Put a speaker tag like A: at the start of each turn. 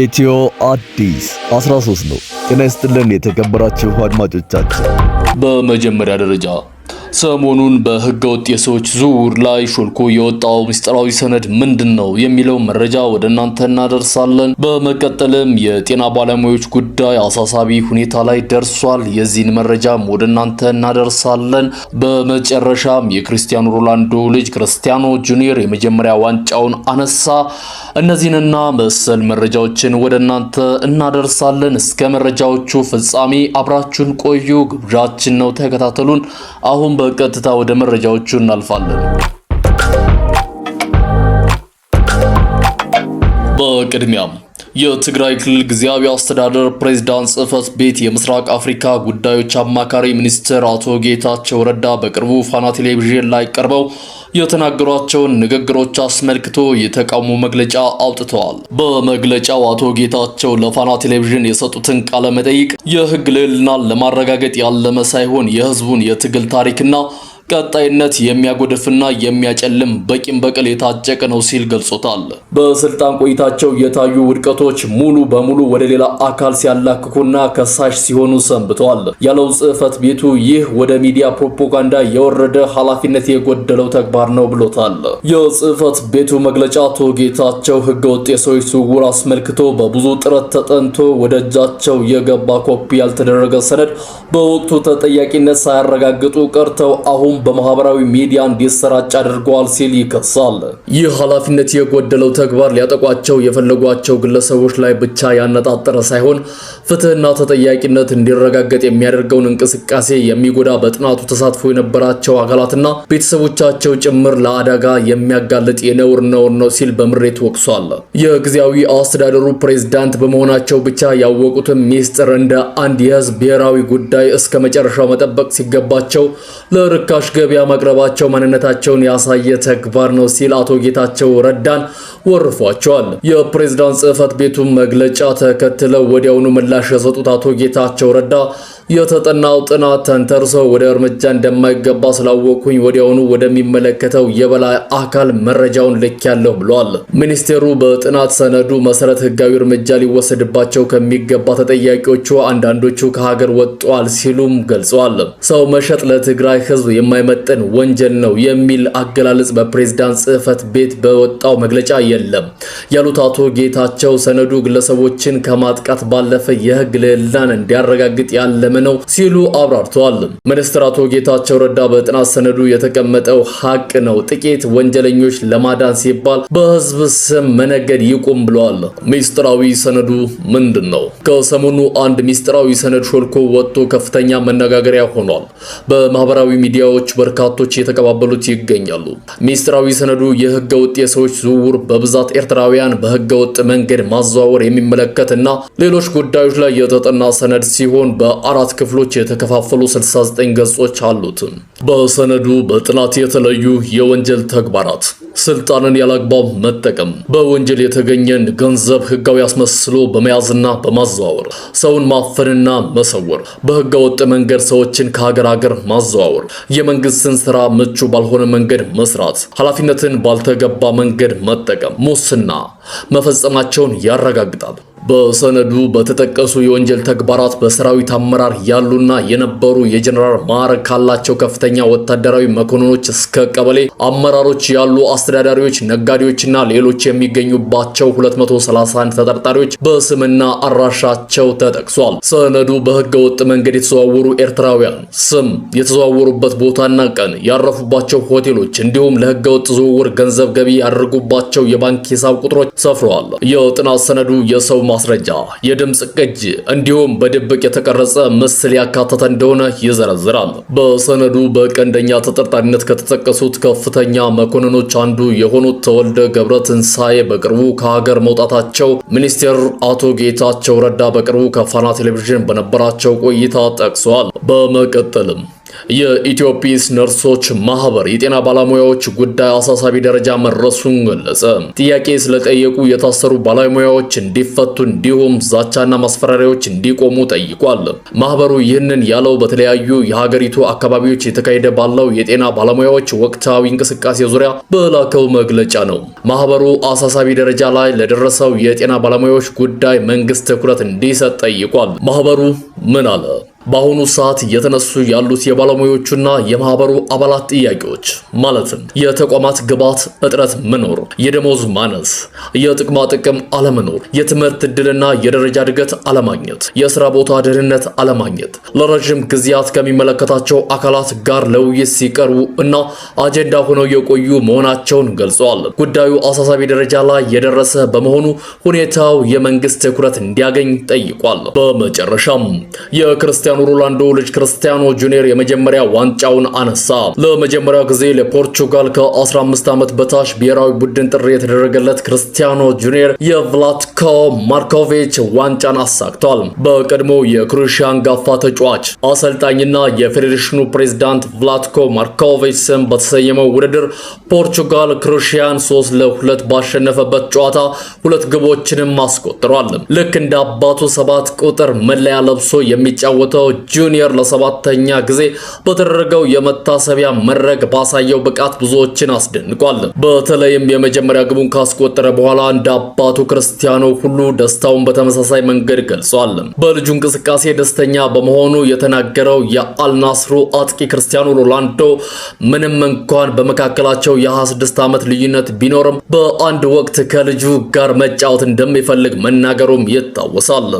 A: ኢትዮ አዲስ 13 ነው። ጤና ይስጥልን የተከበራችሁ አድማጮቻችን። በመጀመሪያ ደረጃ ሰሞኑን በህገ ወጥ የሰዎች ዝውውር ላይ ሾልኮ የወጣው ምስጢራዊ ሰነድ ምንድን ነው የሚለው መረጃ ወደ እናንተ እናደርሳለን። በመቀጠልም የጤና ባለሙያዎች ጉዳይ አሳሳቢ ሁኔታ ላይ ደርሷል። የዚህን መረጃም ወደ እናንተ እናደርሳለን። በመጨረሻም የክርስቲያኖ ሮላንዶ ልጅ ክርስቲያኖ ጁኒየር የመጀመሪያ ዋንጫውን አነሳ። እነዚህንና መሰል መረጃዎችን ወደ እናንተ እናደርሳለን። እስከ መረጃዎቹ ፍጻሜ አብራችሁን ቆዩ ግብዣችን ነው። ተከታተሉን አሁን በቀጥታ ወደ መረጃዎቹ እናልፋለን። በቅድሚያም የትግራይ ክልል ጊዜያዊ አስተዳደር ፕሬዝዳንት ጽህፈት ቤት የምስራቅ አፍሪካ ጉዳዮች አማካሪ ሚኒስትር አቶ ጌታቸው ረዳ በቅርቡ ፋና ቴሌቪዥን ላይ ቀርበው የተናገሯቸውን ንግግሮች አስመልክቶ የተቃውሞ መግለጫ አውጥተዋል። በመግለጫው አቶ ጌታቸው ለፋና ቴሌቪዥን የሰጡትን ቃለ መጠይቅ የህግ ልዕልናን ለማረጋገጥ ያለመ ሳይሆን የህዝቡን የትግል ታሪክና ቀጣይነት የሚያጎድፍና የሚያጨልም በቂም በቀል የታጨቀ ነው ሲል ገልጾታል። በስልጣን ቆይታቸው የታዩ ውድቀቶች ሙሉ በሙሉ ወደ ሌላ አካል ሲያላክኩና ከሳሽ ሲሆኑ ሰንብተዋል ያለው ጽህፈት ቤቱ ይህ ወደ ሚዲያ ፕሮፓጋንዳ የወረደ ኃላፊነት የጎደለው ተግባር ነው ብሎታል። የጽህፈት ቤቱ መግለጫ አቶ ጌታቸው ህገወጥ የሰዎች ዝውውር አስመልክቶ በብዙ ጥረት ተጠንቶ ወደ እጃቸው የገባ ኮፒ ያልተደረገ ሰነድ በወቅቱ ተጠያቂነት ሳያረጋግጡ ቀርተው አሁን በማህበራዊ ሚዲያ እንዲሰራጭ አድርገዋል ሲል ይከሳል። ይህ ኃላፊነት የጎደለው ተግባር ሊያጠቋቸው የፈለጓቸው ግለሰቦች ላይ ብቻ ያነጣጠረ ሳይሆን ፍትህና ተጠያቂነት እንዲረጋገጥ የሚያደርገውን እንቅስቃሴ የሚጎዳ በጥናቱ ተሳትፎ የነበራቸው አካላትና ቤተሰቦቻቸው ጭምር ለአደጋ የሚያጋልጥ የነውር ነውር ነው ሲል በምሬት ወቅሷል። የጊዜያዊ አስተዳደሩ ፕሬዝዳንት በመሆናቸው ብቻ ያወቁትን ሚስጥር እንደ አንድ የህዝብ ብሔራዊ ጉዳይ እስከ መጨረሻው መጠበቅ ሲገባቸው ለርካ ለግማሽ ገበያ ማቅረባቸው ማንነታቸውን ያሳየ ተግባር ነው ሲል አቶ ጌታቸው ረዳን ወርፏቸዋል። የፕሬዝዳንት ጽህፈት ቤቱን መግለጫ ተከትለው ወዲያውኑ ምላሽ የሰጡት አቶ ጌታቸው ረዳ የተጠናው ጥናት ተንተርሶ ወደ እርምጃ እንደማይገባ ስላወቅኩኝ ወዲያውኑ ወደሚመለከተው የበላይ አካል መረጃውን ልኬያለሁ ብለዋል። ሚኒስቴሩ በጥናት ሰነዱ መሰረት ህጋዊ እርምጃ ሊወሰድባቸው ከሚገባ ተጠያቂዎቹ አንዳንዶቹ ከሀገር ወጥተዋል ሲሉም ገልጸዋል። ሰው መሸጥ ለትግራይ ህዝብ የማይመጥን ወንጀል ነው የሚል አገላለጽ በፕሬዝዳንት ጽህፈት ቤት በወጣው መግለጫ የለም ያሉት አቶ ጌታቸው ሰነዱ ግለሰቦችን ከማጥቃት ባለፈ የህግ ልዕልናን እንዲያረጋግጥ ያለመ ነው ሲሉ አብራርተዋል። ሚኒስትር አቶ ጌታቸው ረዳ በጥናት ሰነዱ የተቀመጠው ሀቅ ነው፣ ጥቂት ወንጀለኞች ለማዳን ሲባል በህዝብ ስም መነገድ ይቁም ብለዋል። ሚስጥራዊ ሰነዱ ምንድን ነው? ከሰሞኑ አንድ ሚስጥራዊ ሰነድ ሾልኮ ወጥቶ ከፍተኛ መነጋገሪያ ሆኗል። በማህበራዊ ሚዲያዎች በርካቶች የተቀባበሉት ይገኛሉ። ሚስጥራዊ ሰነዱ የህገ ወጥ የሰዎች ዝውውር በ በብዛት ኤርትራውያን በህገወጥ መንገድ ማዘዋወር የሚመለከትና ሌሎች ጉዳዮች ላይ የተጠና ሰነድ ሲሆን በአራት ክፍሎች የተከፋፈሉ 69 ገጾች አሉት። በሰነዱ በጥናት የተለዩ የወንጀል ተግባራት ስልጣንን ያላግባብ መጠቀም፣ በወንጀል የተገኘን ገንዘብ ህጋዊ አስመስሎ በመያዝና በማዘዋወር ሰውን ማፈንና መሰወር፣ በህገወጥ መንገድ ሰዎችን ከሀገር ሀገር ማዘዋወር፣ የመንግስትን ስራ ምቹ ባልሆነ መንገድ መስራት፣ ኃላፊነትን ባልተገባ መንገድ መጠቀም፣ ሙስና መፈጸማቸውን ያረጋግጣል። በሰነዱ በተጠቀሱ የወንጀል ተግባራት በሰራዊት አመራር ያሉና የነበሩ የጀኔራል ማዕረግ ካላቸው ከፍተኛ ወታደራዊ መኮንኖች እስከ ቀበሌ አመራሮች ያሉ አስተዳዳሪዎች፣ ነጋዴዎችና ሌሎች የሚገኙባቸው 231 ተጠርጣሪዎች በስምና አድራሻቸው ተጠቅሷል። ሰነዱ በህገ ወጥ መንገድ የተዘዋወሩ ኤርትራውያን ስም፣ የተዘዋወሩበት ቦታና ቀን፣ ያረፉባቸው ሆቴሎች እንዲሁም ለህገ ወጥ ዝውውር ገንዘብ ገቢ ያደርጉባቸው የባንክ ሂሳብ ቁጥሮች ሰፍረዋል። የጥናት ሰነዱ የሰው ማስረጃ፣ የድምፅ ቅጅ እንዲሁም በድብቅ የተቀረጸ ምስል ያካተተ እንደሆነ ይዘረዝራል። በሰነዱ በቀንደኛ ተጠርጣሪነት ከተጠቀሱት ከፍተኛ መኮንኖች አንዱ የሆኑት ተወልደ ገብረ ትንሳኤ በቅርቡ ከሀገር መውጣታቸው ሚኒስቴር አቶ ጌታቸው ረዳ በቅርቡ ከፋና ቴሌቪዥን በነበራቸው ቆይታ ጠቅሷል። በመቀጠልም የኢትዮጲስ ነርሶች ማህበር የጤና ባለሙያዎች ጉዳይ አሳሳቢ ደረጃ መድረሱን ገለጸ። ጥያቄ ስለጠየቁ የታሰሩ ባለሙያዎች እንዲፈቱ እንዲሁም ዛቻና ማስፈራሪያዎች እንዲቆሙ ጠይቋል። ማህበሩ ይህንን ያለው በተለያዩ የሀገሪቱ አካባቢዎች የተካሄደ ባለው የጤና ባለሙያዎች ወቅታዊ እንቅስቃሴ ዙሪያ በላከው መግለጫ ነው። ማህበሩ አሳሳቢ ደረጃ ላይ ለደረሰው የጤና ባለሙያዎች ጉዳይ መንግስት ትኩረት እንዲሰጥ ጠይቋል። ማህበሩ ምን አለ? በአሁኑ ሰዓት እየተነሱ ያሉት የባለሙያዎቹና የማህበሩ አባላት ጥያቄዎች ማለትም የተቋማት ግብዓት እጥረት መኖር፣ የደሞዝ ማነስ፣ የጥቅማ ጥቅም አለመኖር፣ የትምህርት እድልና የደረጃ እድገት አለማግኘት፣ የስራ ቦታ ደህንነት አለማግኘት ለረዥም ጊዜያት ከሚመለከታቸው አካላት ጋር ለውይይት ሲቀርቡ እና አጀንዳ ሆነው የቆዩ መሆናቸውን ገልጸዋል። ጉዳዩ አሳሳቢ ደረጃ ላይ የደረሰ በመሆኑ ሁኔታው የመንግስት ትኩረት እንዲያገኝ ጠይቋል። በመጨረሻም የክርስቲያኖ ሮላንዶ ልጅ ክርስቲያኖ ጁኒየር የመጀመሪያ ዋንጫውን አነሳ። ለመጀመሪያ ጊዜ ለፖርቹጋል ከ15 ዓመት በታች ብሔራዊ ቡድን ጥሪ የተደረገለት ክርስቲያኖ ጁኒየር የቭላትኮ ማርኮቪች ዋንጫን አሳክቷል። በቀድሞ የክሮኤሽያ አንጋፋ ተጫዋች አሰልጣኝና የፌዴሬሽኑ ፕሬዝዳንት ቭላትኮ ማርኮቪች ስም በተሰየመው ውድድር ፖርቹጋል ክሮኤሽያን 3 ለሁለት ባሸነፈበት ጨዋታ ሁለት ግቦችንም አስቆጥሯል። ልክ እንደ አባቱ ሰባት ቁጥር መለያ ለብሶ የሚጫወተው ጁኒየር ለሰባተኛ ጊዜ በተደረገው የመታሰቢያ መድረክ ባሳየው ብቃት ብዙዎችን አስደንቋል። በተለይም የመጀመሪያ ግቡን ካስቆጠረ በኋላ እንደ አባቱ ክርስቲያኖ ሁሉ ደስታውን በተመሳሳይ መንገድ ገልጿል። በልጁ እንቅስቃሴ ደስተኛ በመሆኑ የተናገረው የአልናስሩ አጥቂ ክርስቲያኖ ሮናልዶ ምንም እንኳን በመካከላቸው የ26 ዓመት ልዩነት ቢኖርም በአንድ ወቅት ከልጁ ጋር መጫወት እንደሚፈልግ መናገሩም ይታወሳል።